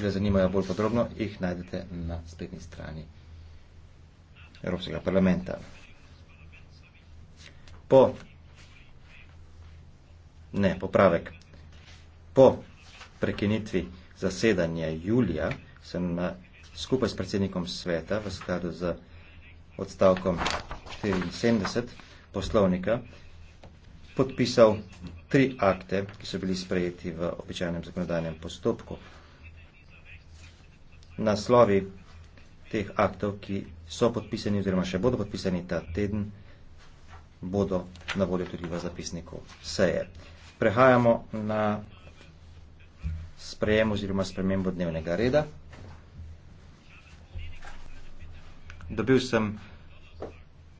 poročila zanimajo bolj podrobno, jih najdete na spletni strani Evropskega parlamenta. Po ne, popravek. Po prekinitvi zasedanja julija se na, skupaj s predsednikom sveta v skladu z odstavkom 74 poslovnika podpisal tri akte, ki so bili sprejeti v običajnem zakonodajnem postopku naslovi teh aktov, ki so podpisani oziroma še bodo podpisani ta teden, bodo na voljo tudi v zapisniku seje. Prehajamo na sprejem oziroma spremembo dnevnega reda. Dobil sem